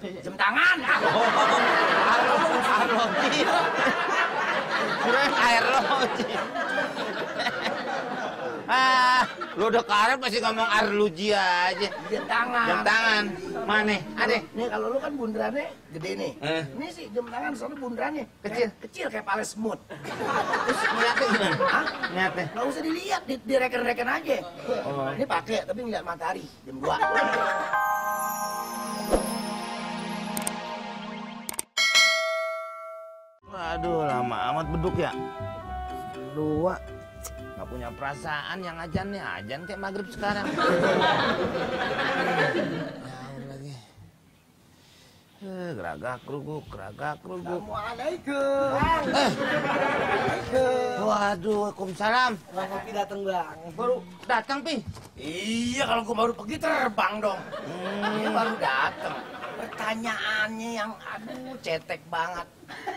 Jam tangan. Arloji. Keren Arloji. Ah, lu udah karet masih ngomong arluji aja. Jam tangan. Jam tangan. Mana? Ada. Nih kalau lu kan bundarannya gede nih. Eh. Ini sih jam tangan soalnya bundarannya kecil. Kayak, kecil kayak pales semut. Terus ngeliatnya gimana? Hah? Ngeliatnya? usah dilihat, di, direken-reken aja. Oh. Ini pakai tapi ngeliat matahari jam 2. Aduh, lama amat beduk ya. Dua. Gak punya perasaan yang ajannya ajan kayak maghrib sekarang. geragak keruguk geragak keruguk Assalamualaikum eh. waduh Waalaikumsalam Bang Opi datang bang baru datang Pi iya kalau gua baru pergi terbang dong hmm. dia baru datang pertanyaannya yang aduh cetek banget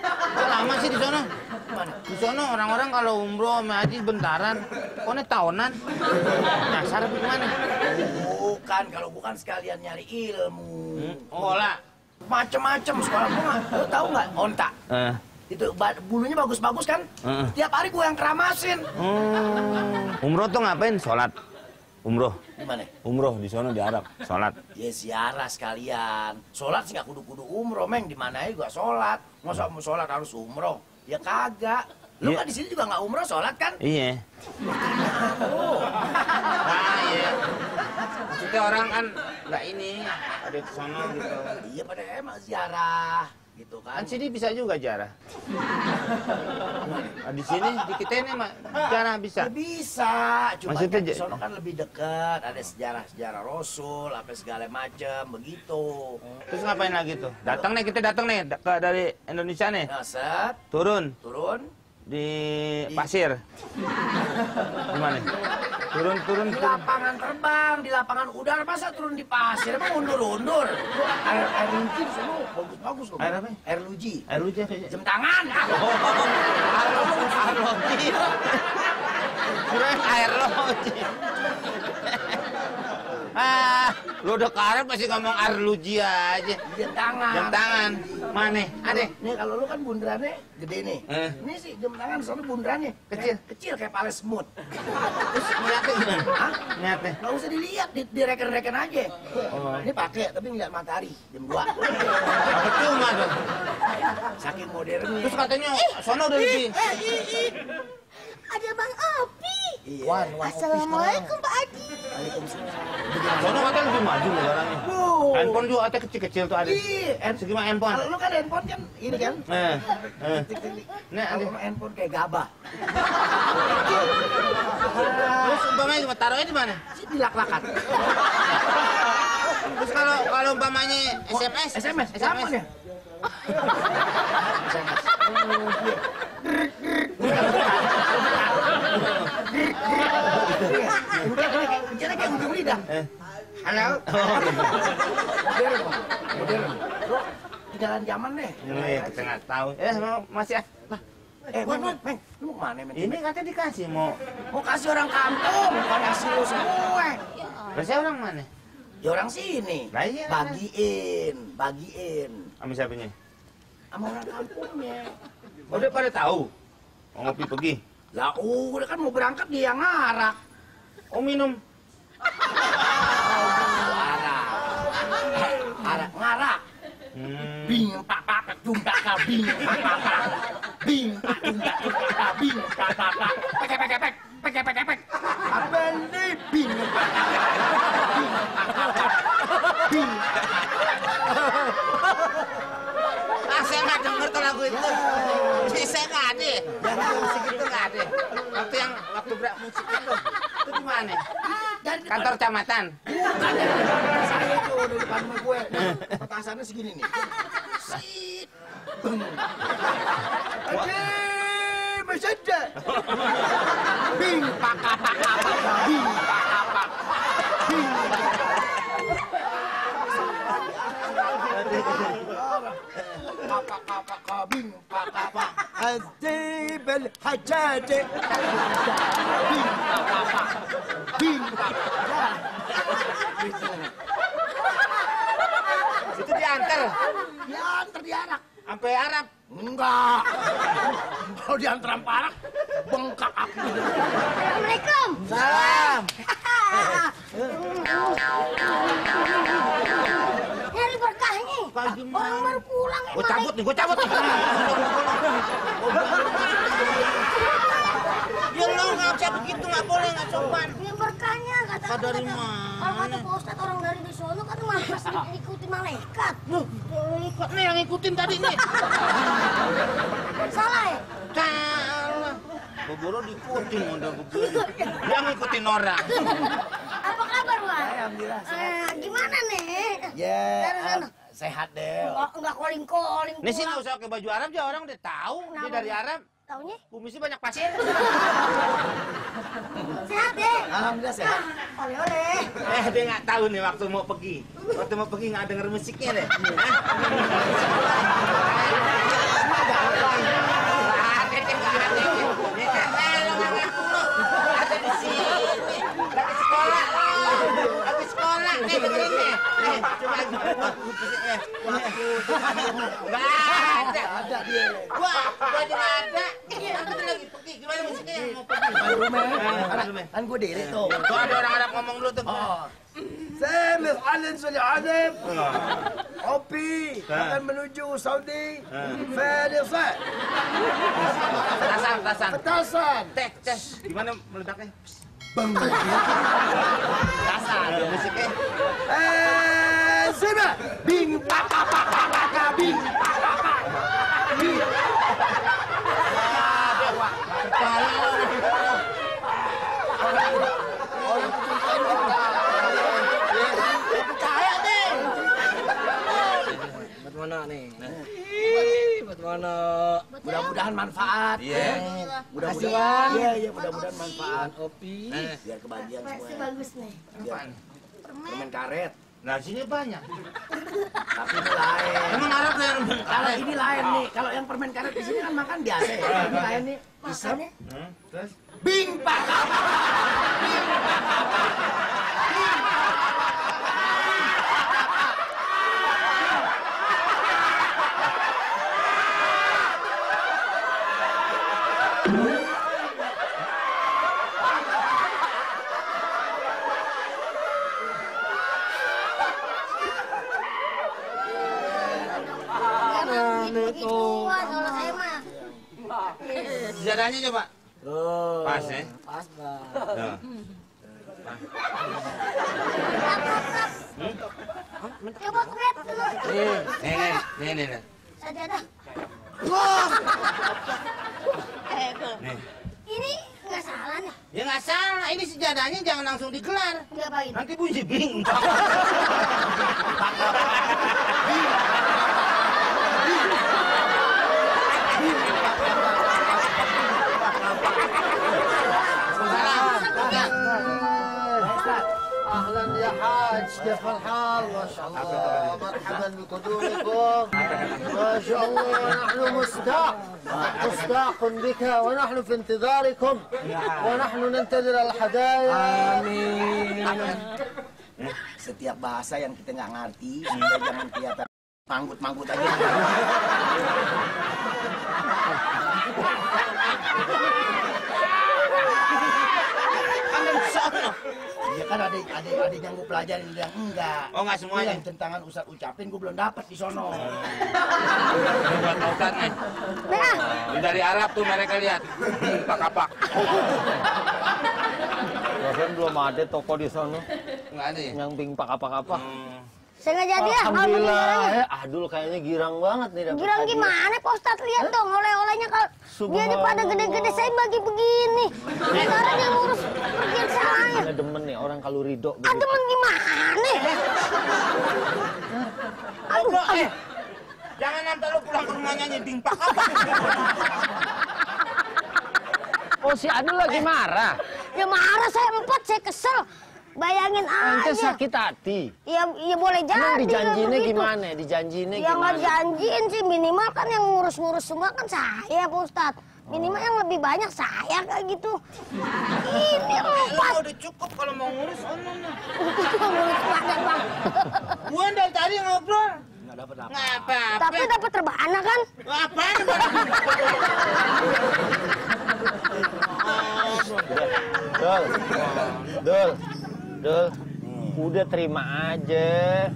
Kok lama sih di sana? Di sana orang-orang kalau umroh sama haji bentaran, kok ini tahunan? Nyasar apa gimana? Bukan, kalau bukan sekalian nyari ilmu. Hmm? Oh lah, macem-macem sekolah gua Lu tahu nggak onta? Uh. Itu bulunya bagus-bagus kan? Uh. Tiap hari gua yang keramasin. Hmm. Umroh tuh ngapain? Sholat. Umroh. gimana ya Umroh di sana di Arab. Sholat. Ya ziarah sekalian. Sholat sih nggak kudu-kudu umroh, meng. Di mana gua sholat. Masa eh. mau sholat harus umroh? Ya kagak. Lu yeah. kan di sini juga nggak umroh sholat kan? Iya. Yeah. Oh. nah, iya maksudnya orang kan nggak ini ada di sana gitu iya pada emang ziarah gitu kan. Kan sini bisa juga jarah. nah, di sini di kita ini mah jarah bisa. Ya bisa, cuma Maksudnya, kan sono kan lebih dekat, ada sejarah-sejarah Rasul, apa segala macam begitu. Terus ngapain lagi tuh? Datang nih kita datang nih ke dari Indonesia nih. Nah, set. Turun. Turun. Di, pasir. di mana? Turun, turun, Di lapangan terbang, di lapangan udara. Masa turun di pasir? Emang undur-undur? Air, air luji bagus-bagus kok. Air apa? Air luji. Air luji Jam tangan. Oh, oh, oh. air luji. Air luji. air luji. Ah, lo udah karet pasti ngomong arluji aja. Jam tangan. Jam tangan. Mana? Ada. Nih kalau lo kan bundarannya gede nih. Eh. Ini sih jam tangan soalnya bundarannya kecil. Kayak, kecil kayak pala semut. Terus ngeliatnya gimana? Ngeliatnya? Gak usah dilihat, di, di reken aja. Oh. Ini pakai tapi ngeliat matahari jam dua betul mas Saking modernnya. Terus katanya, eh, sono udah lebih. Eh, Ada Bang Opi. Iya. Assalamualaikum Pak Haji. Waalaikumsalam. Soalnya kata lebih maju negaranya. barangnya. Handphone juga kata kecil-kecil tuh ada. Iya. Segima handphone. Kalau lu kan handphone kan ini kan. Eh. eh. ada handphone kayak gabah. Terus umpamanya taruhnya di mana? Di lak-lakan. Terus kalau kalau umpamanya SMS, SMS, SMS. SMS. SMS. pakai ujung lidah. Eh. Halo. Oh, iya. modern, modern. Bro, ketinggalan zaman deh. Iya, iya, kita nggak tahu. Eh, mau masih ah. Eh, Wan, Wan, Meng, lu mau mana, Meng? Ini katanya dikasih, mau... Mau kasih orang kampung, bukan kasih lu semua. Terus orang mana? Ya orang sini. Nah, iya, bagiin, bagiin. Sama siapanya? Sama orang kampungnya. Udah oh, pada tahu? Mau ngopi pergi? Lah, udah kan mau berangkat dia ngarak. Oh, minum. Bing, pak, pak, pak, pak, pak, pak, pak, pak, pak, pak, pak, pak, pak, kecamatan? Saya itu udah depan rumah gue. Petasannya segini nih. Sit. Oke. Bing Bing Bing. Itu diantar. Diantar diarak. Sampai Arab. Enggak. Kalau diantar sampai Arab, bengkak aku. Assalamualaikum. Salam. Nyari berkahnya. Orang baru pulang. Gue cabut nih, gue cabut nih. Ya lo nggak bisa begitu, nggak boleh, nggak sopan. Ya berkahnya kata kata. Dari kata, mana? Kalau kata Ustadz orang dari di Solo kan masih diikuti malaikat. Loh, malaikat nih yang ngikutin tadi nih. Salah ya? Salah. Boboro diikutin udah Boboro. Dia ngikutin orang. Apa kabar, Wan? Alhamdulillah. Eh, gimana nih? Ya. Ah, sehat deh. Enggak, enggak calling calling. Nih sih nggak usah pakai baju Arab ya orang udah tahu dia dari Arab. Taunya? Bumi sih banyak pasir. Sehat deh. Alhamdulillah sehat. Ah, oleh oleh. Eh dia nggak tahu nih waktu mau pergi. Waktu mau pergi nggak denger musiknya deh. dulu, men. Ah, kan gue diri iya. tuh. Tuh ada orang Arab ngomong dulu tuh. Oh. Samir Alin Suli Adem Opi akan menuju Saudi Farisah Petasan, petasan Petasan Tek, tes Gimana meledaknya? Bang Petasan, eh, musiknya Eh, Zima Bing, pak, pak, pak, pak, bing, mana nih. Nah. buat mana? Mudah-mudahan manfaat. Iya. Ya. Mudah-mudahan. Iya, iya, mudah-mudahan manfaat. Opi. Nah. biar kebahagiaan semua. Pasti bagus nih. Iya. Apaan? Permen karet. Nah sini banyak. Tapi ini lain. Emang Arab tuh yang permen Kalau ini lain nih. Kalau yang permen karet di sini kan makan biasa ya. Ini lain nih. Bisa nih. Terus? Bing Bing pak. Coba aku dulu. Nih, nih, nih, nih. Sajadah. Ini nggak salah nih. Ya nggak salah. Ini sejarahnya jangan langsung dikelar, Nanti bunyi bing. اهلا يا حاج كيف الحال ما شاء الله مرحبا بقدومكم ما شاء الله نحن مستاق مستاق بك ونحن في انتظاركم ونحن ننتظر الهدايا امين setiap bahasa yang kita nggak ngerti kita jangan kelihatan manggut-manggut aja Angan sa Ya kan ada ada ada yang gue pelajarin yang enggak. Oh enggak semuanya. Yang tentangan Ustaz ucapin gue belum dapat di sono. Oh, iya. Buat taubat nih. Dari Arab tuh mereka lihat. Pak-pak. Bahkan belum ada toko di sono. Enggak ada ya? Yang ping pak apa apa. Hmm. Sengaja dia. Ya? Alhamdulillah. Eh, aduh kayaknya girang banget nih Dapet Girang gimana, Postat Ustadz? Lihat dong oleh-olehnya kalau dia pada gede-gede saya bagi begini. Sekarang yang ngurus pergian saya. Ada demen nih orang kalau ridho. Ah, demen gimana? Eh, eh. aduh, aduh. Eh. Jangan nanti lu pulang ke rumahnya nyeding pak. oh si Adul lagi marah? Ya marah saya empat, saya kesel. Bayangin ah, aja. Ente sakit hati. Iya ya boleh jadi. Emang dijanjinya ya, gimana? Dijanjinya ya, gimana? Ya janjiin sih minimal kan yang ngurus-ngurus semua kan saya Pak Ustadz. Minimal yang lebih banyak saya kayak gitu. Ini iya, loh iya, udah cukup kalau mau ngurus online. Oh, ngurus bang. dari tadi ngobrol. Nggak dapat apa. apa, apa. Tapi dapat terbana kan? Apa? Dol. Dol hmm. udah terima aja.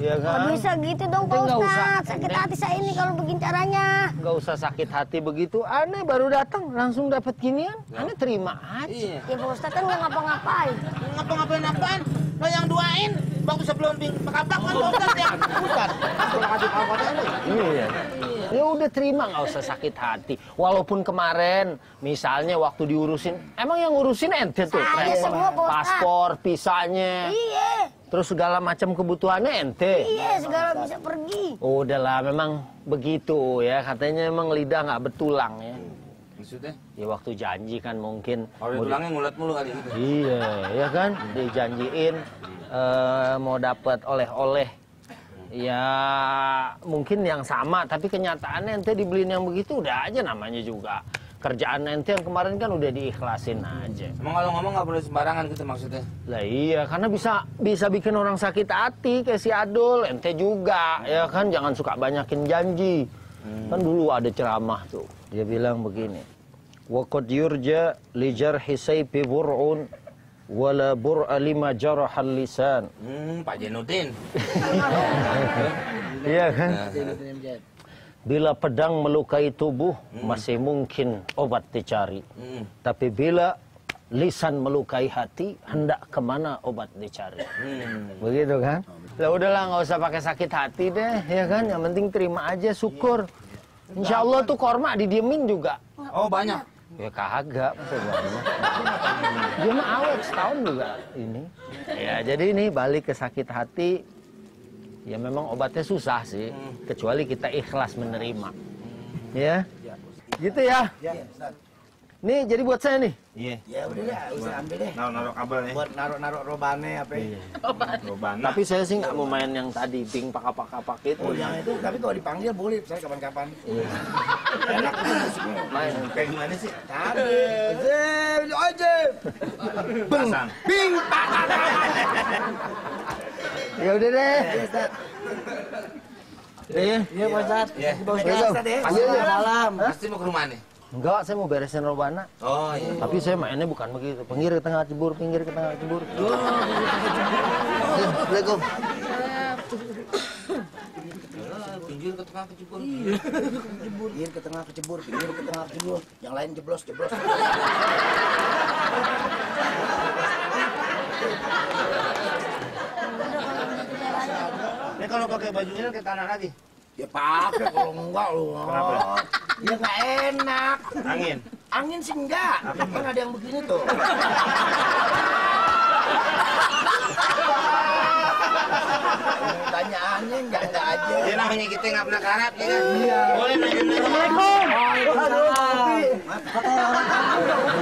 Ya kan? Gak bisa gitu dong Pak Ustadz, usah, sakit hati saya ini kalau begini caranya. Gak usah sakit hati begitu, aneh baru datang langsung dapat ginian, iya. aneh terima aja. Iya. Ya Pak Ustadz kan gak ngapa-ngapain. Ngapa-ngapain apaan? Lo yang duain, bagus sebelum belum kabak kan Pak Ustadz ya? Ustadz, kasih Pak Ustadz ini iya. Ya udah terima nggak usah sakit hati. Walaupun kemarin misalnya waktu diurusin, emang yang ngurusin ente tuh. ya, semua Paspor, pisahnya. Iya. Terus segala macam kebutuhannya ente. Iya, segala bisa pergi. Udahlah, memang begitu ya. Katanya memang lidah nggak bertulang ya. Maksudnya? Ya waktu janji kan mungkin. Kalau yang mulut mulu kali ini Iya, ya kan? Dijanjiin uh, mau dapat oleh-oleh Ya mungkin yang sama, tapi kenyataan ente dibeliin yang begitu udah aja namanya juga. Kerjaan ente yang kemarin kan udah diikhlasin aja. Emang kalau ngomong nggak boleh sembarangan gitu maksudnya? Lah iya, karena bisa bisa bikin orang sakit hati kayak si Adol, ente juga. Ya kan jangan suka banyakin janji. Hmm. Kan dulu ada ceramah tuh. Dia bilang begini. Wa yurja lijar hisai piburun wala bur'a lima jarahal lisan. Hmm, Pak Jenudin. Iya kan? Nah. Bila pedang melukai tubuh hmm. masih mungkin obat dicari. Hmm. Tapi bila lisan melukai hati hendak kemana obat dicari? Hmm. Begitu kan? Lah udahlah nggak usah pakai sakit hati deh, ya kan? Yang penting terima aja syukur. Iya. Insya Allah tuh korma didiemin juga. Oh banyak. Ya kagak maksudnya. Dia mah awet setahun juga ini. Ya jadi ini balik ke sakit hati. Ya memang obatnya susah sih, hmm. kecuali kita ikhlas menerima. Hmm. Ya. ya gitu ya. ya Nih jadi buat saya nih. Iya. Ya udah usah ambil deh. Naruh-naruh nih. Buat naruh-naruh robane apa ya? Iya. Robane. Tapi saya sih nggak mau main yang tadi ping pak pak apa itu. Oh, yang itu tapi kalau dipanggil boleh saya kapan-kapan. Iya. Enak kan? main. Kayak gimana sih? Tadi. Jem, aja. Beng, ping Ya udah deh. Iya, iya, iya, iya Pak Ustaz. Iya, Pak malam. Pasti mau ke rumah nih. Enggak, saya mau beresin robana. Oh iya. Tapi saya mainnya bukan begitu. Pinggir ke tengah cebur, pinggir ke tengah cebur. Oh. Iya, Assalamualaikum. Eh, pinggir ke tengah kecebur. Iya. Pinggir ke tengah kecebur, pinggir ke tengah kecebur. Yang lain jeblos, jeblos. Ini kalau pakai bajunya ke tanah lagi. Ya pakai kalau enggak lu. Kenapa? Ya nggak enak. Angin. Angin sih enggak. Kan ada yang begini tuh. Tanyaannya enggak enggak aja. Ya namanya kita nggak pernah karat ya kan. Iya. Boleh nanya nanya. Assalamualaikum.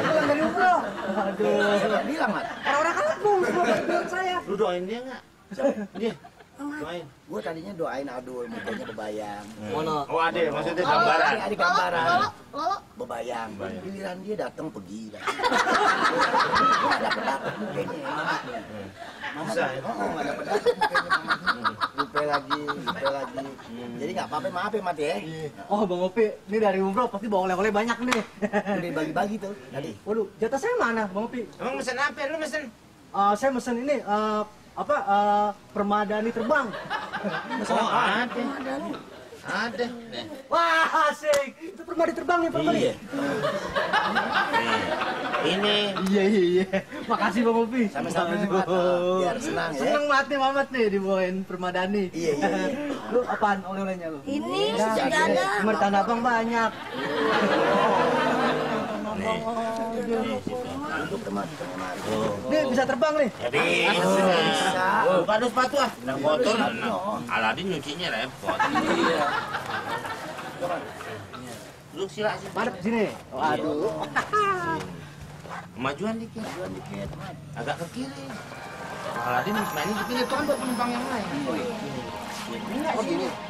Waalaikumsalam. Aduh. Bilang mat. Orang kampung. Bilang saya. Lu doain dia enggak? Siapa? Dia. Gue tadinya doain aduh mukanya bebayang. Iya. Mono. Oh, ada maksudnya gambaran. Ada gambaran. Lolo, bebayang. Giliran dia datang pergi. Gue ada pendapat mukanya. Iya. Mama Bisa, ya? Oh, ada pendapat Lupa ya? lagi, lupa lagi. Hmm. Jadi nggak apa-apa, maaf ya mati ya. Iya. Oh, Bang Opi, ini dari umroh pasti bawa oleh-oleh banyak nih. Udah bagi-bagi tuh. Tadi. Waduh, jatah saya mana, Bang Opi? Emang mesen apa? Lu mesen? Uh, saya mesen ini uh, apa uh, permadani terbang. Oh, ada. Ada. Wah, asik. Itu permadani terbang ya, permadani iya. Ini. Iya, iya, iya. Makasih Bang Upi. Sama-sama. Biar senang ya. Senang banget nih Mamat nih dibawain permadani. Iya, iya, iya. Lu apaan oleh-olehnya lu? Ini nah, ya, sudah ya, ada. Ya. Mertan bang banyak. Oh. Oh. Ini bisa terbang nih. Jadi bisa. Oh, bukan sepatu ah. Nah, motor nah, nah. Aladin nyucinya repot. Iya. Lu sila sih. Madep sini. Waduh. Iya. Kemajuan dikit. Kemajuan dikit. Agak ke kiri. Aladin mainnya di pinggir tuan buat penumpang yang lain. Iya. Oh, iya. Enggak sih.